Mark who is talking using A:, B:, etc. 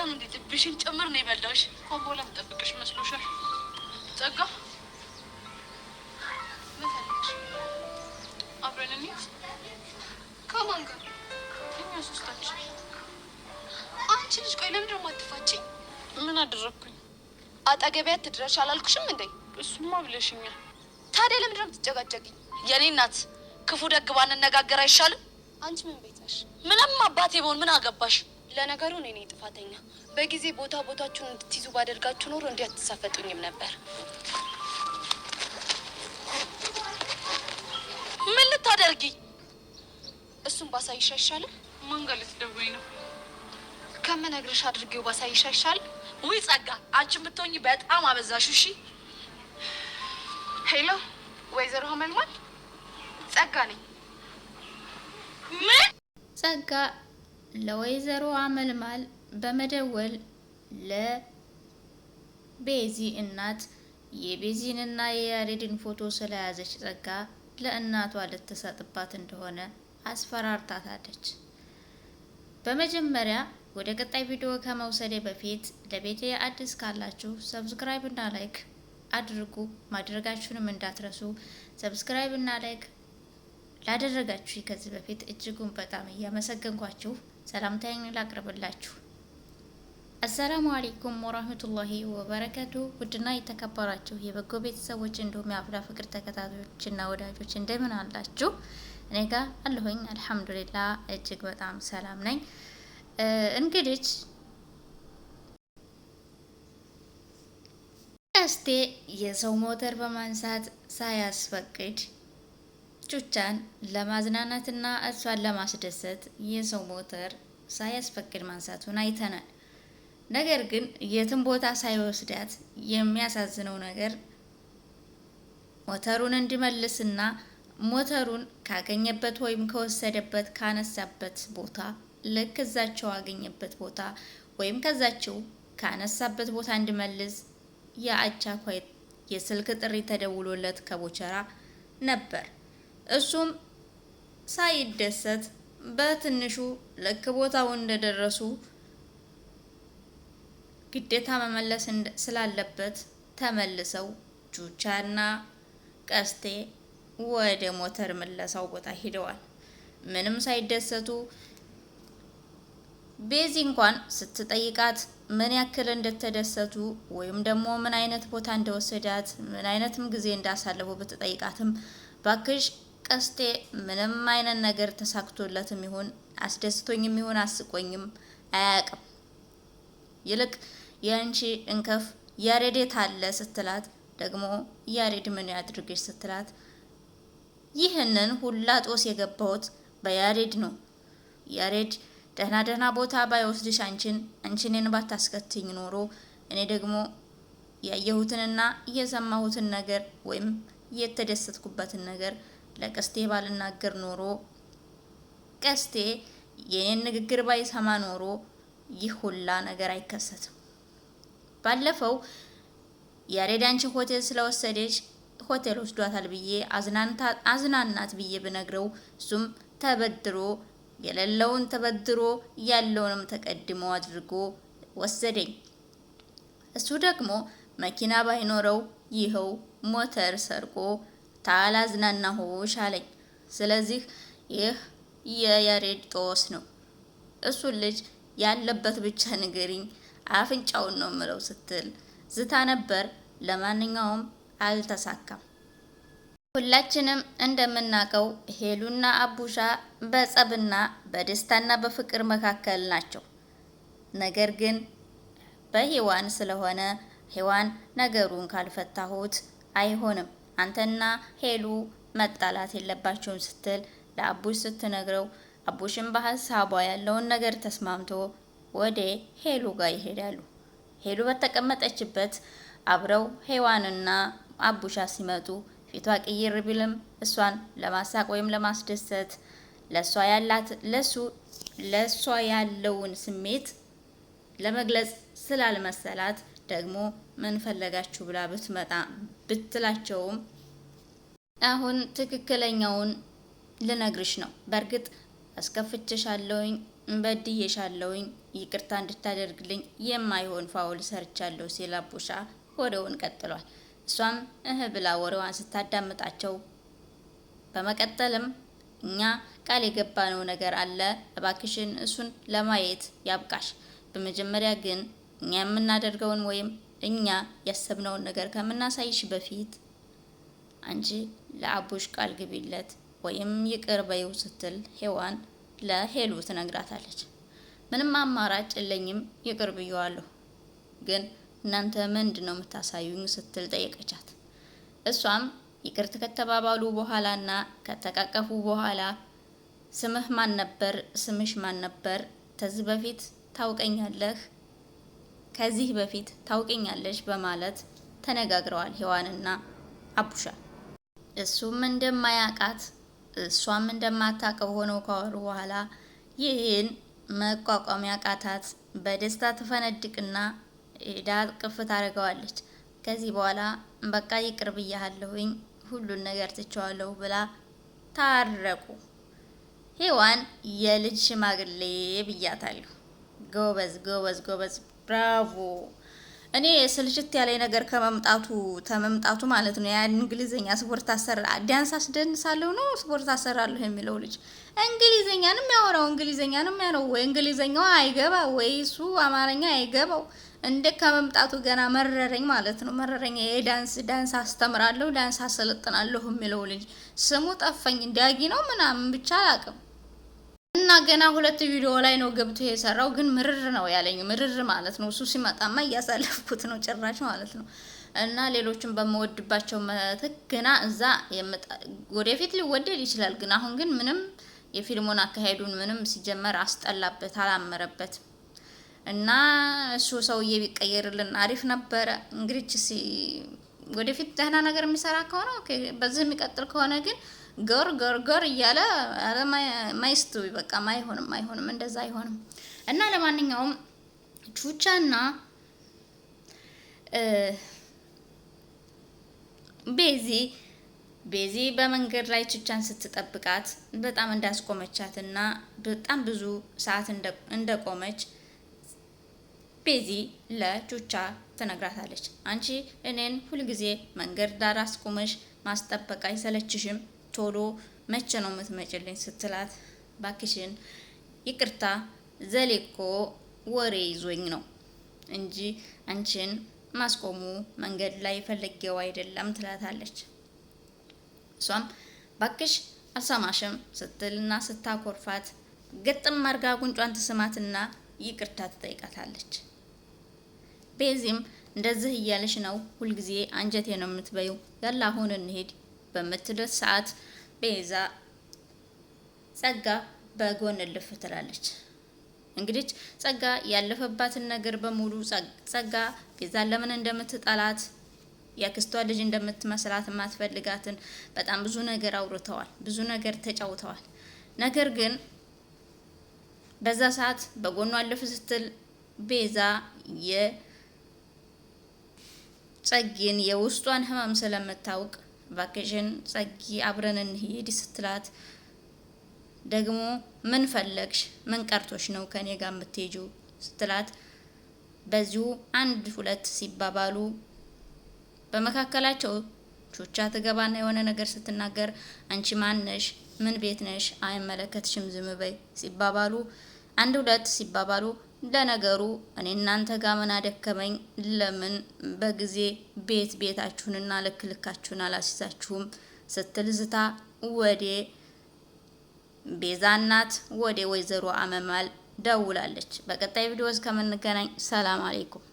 A: ብቻም እንዴት ብሽን ጭምር ነው የበላሽ። ኮምቦ ለምጠብቅሽ መስሎሻል? ጸጋ አብረን እንሂድ። ከማን ጋር? እኛ ሶስታችን። አንቺ ልጅ ቆይ ለምንድን ነው የማትፋችኝ? ምን አደረግኩኝ? አጠገቢያ ትድረሽ አላልኩሽም እንዴ? እሱማ ብለሽኛል። ታዲያ ለምንድን ነው የምትጨጋጨግኝ? የኔ እናት ክፉ ደግ ባንነጋገር አይሻልም? አንቺ ምን ቤት ነሽ? ምንም አባቴ በሆን ምን አገባሽ? ለነገሩ እኔ ነኝ ጥፋተኛ። በጊዜ ቦታ ቦታችሁን እንድትይዙ ባደርጋችሁ ኖሮ እንዲህ አትሳፈጡኝም ነበር። ምን ልታደርጊ? እሱን ባሳይሽ አይሻልም? ማን ጋር ልትደውይ ነው? ከምነግርሽ አድርጌው ባሳይሽ አይሻልም? ውይ ጸጋ፣ አንቺ ብትሆኚ በጣም አበዛሹ። እሺ። ሄሎ፣ ወይዘሮ ሆመልማል ጸጋ ነኝ። ምን
B: ጸጋ ለወይዘሮ አመልማል በመደወል ለቤዚ እናት የቤዚንና የያሬድን ፎቶ ስለያዘች ጸጋ ለእናቷ ልትሰጥባት እንደሆነ አስፈራርታታለች። በመጀመሪያ ወደ ቀጣይ ቪዲዮ ከመውሰዴ በፊት ለቤቴ አዲስ ካላችሁ ሰብስክራይብ እና ላይክ አድርጉ። ማድረጋችሁንም እንዳትረሱ። ሰብስክራይብ እና ላይክ ላደረጋችሁ ከዚህ በፊት እጅጉን በጣም እያመሰገንኳችሁ ሰላምታዬን ላቅርብላችሁ። አሰላሙ አሌይኩም ወራህመቱላሂ ወበረከቱ። ውድና የተከበራችሁ የበጎ ቤተሰቦች እንዲሁም የአፍላ ፍቅር ተከታታዮችና ወዳጆች እንደምን አላችሁ? እኔ ጋ አለሁኝ አልሐምዱሊላ፣ እጅግ በጣም ሰላም ነኝ። እንግዲች ቀስቴ የሰው ሞተር በማንሳት ሳያስፈቅድ ቻን ለማዝናናትና እሷን ለማስደሰት የሰው ሞተር ሳያስፈቅድ ማንሳቱን አይተናል። ነገር ግን የትም ቦታ ሳይወስዳት የሚያሳዝነው ነገር ሞተሩን እንዲመልስና ሞተሩን ካገኘበት ወይም ከወሰደበት ካነሳበት ቦታ ልክ እዛቸው አገኘበት ቦታ ወይም ከዛቸው ካነሳበት ቦታ እንዲመልስ የአቻኳይ የስልክ ጥሪ ተደውሎለት ከቦቸራ ነበር። እሱም ሳይደሰት በትንሹ ልክ ቦታው እንደደረሱ ግዴታ መመለስ ስላለበት ተመልሰው ጁቻና ቀስቴ ወደ ሞተር መለሳው ቦታ ሄደዋል። ምንም ሳይደሰቱ ቤዚ እንኳን ስትጠይቃት ምን ያክል እንደተደሰቱ ወይም ደግሞ ምን አይነት ቦታ እንደወሰዳት ምን አይነትም ጊዜ እንዳሳለፉ ብትጠይቃትም ባክሽ ቀስቴ ምንም አይነት ነገር ተሳክቶለትም ይሁን አስደስቶኝም ይሁን አስቆኝም አያቅም። ይልቅ የአንቺ እንከፍ ያሬዴት አለ ስትላት ደግሞ ያሬድ ምን ያድርግሽ ስትላት ይህንን ሁላ ጦስ የገባሁት በያሬድ ነው። ያሬድ ደህና ደህና ቦታ ባይወስድሽ አንቺን አንቺኔን ባታስከትኝ ኖሮ እኔ ደግሞ ያየሁትንና የሰማሁትን ነገር ወይም የተደሰትኩበትን ነገር ለቀስቴ ባልናገር ኖሮ ቀስቴ የኔን ንግግር ባይሰማ ኖሮ ይህ ሁላ ነገር አይከሰትም። ባለፈው ያሬድ ሆቴል ስለወሰደች ሆቴል ወስዷታል ብዬ አዝናናት ብዬ ብነግረው እሱም ተበድሮ የሌለውን ተበድሮ ያለውንም ተቀድሞ አድርጎ ወሰደኝ። እሱ ደግሞ መኪና ባይኖረው ይኸው ሞተር ሰርቆ ታላዝናናሁሽ አለኝ። ስለዚህ ይህ የያሬድ ጦስ ነው። እሱን ልጅ ያለበት ብቻ ንገሪኝ፣ አፍንጫውን ነው ምለው ስትል ዝታ ነበር። ለማንኛውም አልተሳካም። ሁላችንም እንደምናውቀው ሄሉና አቡሻ በጸብና በደስታና በፍቅር መካከል ናቸው። ነገር ግን በሔዋን ስለሆነ ሔዋን ነገሩን ካልፈታሁት አይሆንም። አንተና ሄሉ መጣላት የለባቸውም ስትል ለአቡሽ ስትነግረው አቡሽን በሀሳቧ ያለውን ነገር ተስማምቶ ወደ ሄሉ ጋር ይሄዳሉ። ሄሉ በተቀመጠችበት አብረው ሄዋንና አቡሻ ሲመጡ ፊቷ ቅይር ቢልም እሷን ለማሳቅ ወይም ለማስደሰት ለእሷ ያላት ለሱ ለእሷ ያለውን ስሜት ለመግለጽ ስላልመሰላት ደግሞ ምን ፈለጋችሁ ብላ ብትመጣ ብትላቸውም አሁን ትክክለኛውን ልነግርሽ ነው። በእርግጥ አስከፍቼሻለሁኝ፣ በድዬሻለሁኝ፣ ይቅርታ እንድታደርግልኝ የማይሆን ፋውል ሰርቻለሁ ሲል አቡሻ ወሬውን ቀጥሏል። እሷም እህ ብላ ወሬዋን ስታዳምጣቸው በመቀጠልም እኛ ቃል የገባነው ነገር አለ፣ እባክሽን እሱን ለማየት ያብቃሽ። በመጀመሪያ ግን እኛ የምናደርገውን ወይም እኛ ያሰብነውን ነገር ከምናሳይሽ በፊት አንቺ ለአቡሽ ቃል ግቢለት ወይም ይቅር በይው ስትል ሄዋን ለሄሉ ትነግራታለች። ምንም አማራጭ የለኝም ይቅር ብየዋለሁ፣ ግን እናንተ ምንድን ነው የምታሳዩኝ ስትል ጠየቀቻት። እሷም ይቅርት ከተባባሉ በኋላና ከተቃቀፉ በኋላ ስምህ ማን ነበር? ስምሽ ማን ነበር? ከዚህ በፊት ታውቀኛለህ ከዚህ በፊት ታውቀኛለች በማለት ተነጋግረዋል ሔዋንና አቡሻ። እሱም እንደማያቃት እሷም እንደማታቀው ሆነው ካወሩ በኋላ ይህን መቋቋም ያቃታት በደስታ ትፈነድቅና ዳ ቅፍ ታደርገዋለች። ከዚህ በኋላ በቃ ይቅር ብያለሁኝ ሁሉን ነገር ትቸዋለሁ ብላ ታረቁ። ሔዋን የልጅ ሽማግሌ ብያታለሁ። ጎበዝ ጎበዝ ጎበዝ ብራቮ። እኔ ስልችት ያለ ነገር ከመምጣቱ ተመምጣቱ ማለት ነው። ያን እንግሊዝኛ ስፖርት አሰራ ዳንስ አስደንሳለሁ ነው ስፖርት አሰራለሁ የሚለው ልጅ እንግሊዝኛንም ያወራው እንግሊዝኛንም ያነው ወይ እንግሊዘኛው አይገባ ወይ እሱ አማርኛ አይገባው። እንደ ከመምጣቱ ገና መረረኝ ማለት ነው። መረረኝ የዳንስ ዳንስ አስተምራለሁ ዳንስ አሰለጥናለሁ የሚለው ልጅ ስሙ ጠፈኝ ዳጊ ነው ምናምን ብቻ አላቅም። እና ገና ሁለት ቪዲዮ ላይ ነው ገብቶ የሰራው። ግን ምርር ነው ያለኝ። ምርር ማለት ነው እሱ ሲመጣማ እያሳለፍኩት ነው ጭራሽ ማለት ነው። እና ሌሎችን በመወድባቸው መትክ ገና እዛ ወደፊት ሊወደድ ይችላል። ግን አሁን ግን ምንም የፊልሙን አካሄዱን ምንም ሲጀመር አስጠላበት፣ አላመረበት እና እሱ ሰውዬ ቢቀየርልን አሪፍ ነበረ። እንግዲህ ወደፊት ደህና ነገር የሚሰራ ከሆነ በዚህ የሚቀጥል ከሆነ ግን ገር ጎር ጎር እያለ ማይስቱ በቃ ማይሆንም አይሆንም፣ እንደዛ አይሆንም። እና ለማንኛውም ቹቻና ቤዚ ቤዚ በመንገድ ላይ ቹቻን ስትጠብቃት በጣም እንዳስቆመቻት እና በጣም ብዙ ሰዓት እንደቆመች ቤዚ ለቹቻ ትነግራታለች። አንቺ እኔን ሁልጊዜ መንገድ ዳር አስቆመሽ ማስጠበቅ አይሰለችሽም? ቶሎ መቼ ነው የምትመጭልኝ ስትላት ባክሽን ይቅርታ ዘሌኮ ወሬ ይዞኝ ነው እንጂ አንቺን ማስቆሙ መንገድ ላይ ፈልጌው አይደለም ትላታለች። እሷም ባክሽ አልሰማሽም ስትልና ስታኮርፋት ግጥም አርጋ ጉንጯን ትስማትና ይቅርታ ትጠይቃታለች። ቤዚም እንደዚህ እያለሽ ነው ሁልጊዜ አንጀቴ ነው የምትበዩ፣ ያለ አሁን እንሄድ በምትደርስ ሰዓት ቤዛ ጸጋ በጎን እልፍ ትላለች። እንግዲህ ጸጋ ያለፈባትን ነገር በሙሉ ጸጋ ቤዛ ለምን እንደምትጠላት የክስቷ ልጅ እንደምትመስላት የማትፈልጋትን በጣም ብዙ ነገር አውርተዋል፣ ብዙ ነገር ተጫውተዋል። ነገር ግን በዛ ሰዓት በጎኗ አለፍ ስትል ቤዛ የጸጊን የውስጧን ህመም ስለምታውቅ ቫኬሽን ጸጊ አብረን እንሂድ ስትላት ደግሞ ምን ፈለግሽ? ምን ቀርቶሽ ነው ከኔ ጋር የምትሄጂው? ስትላት በዚሁ አንድ ሁለት ሲባባሉ በመካከላቸው ቾቻ ትገባና የሆነ ነገር ስትናገር አንቺ ማነሽ? ምን ቤት ነሽ? አይመለከትሽም፣ ዝም በይ ሲባባሉ አንድ ሁለት ሲባባሉ ለነገሩ እኔ እናንተ ጋር ምን አደከመኝ? ለምን በጊዜ ቤት ቤታችሁንና ልክ ልካችሁን አላስይዛችሁም? ስትል ዝታ ወዴ ቤዛ እናት ወደ ወይዘሮ አመማል ደውላለች። በቀጣይ ቪዲዮ እስከምንገናኝ ሰላም አሌይኩም።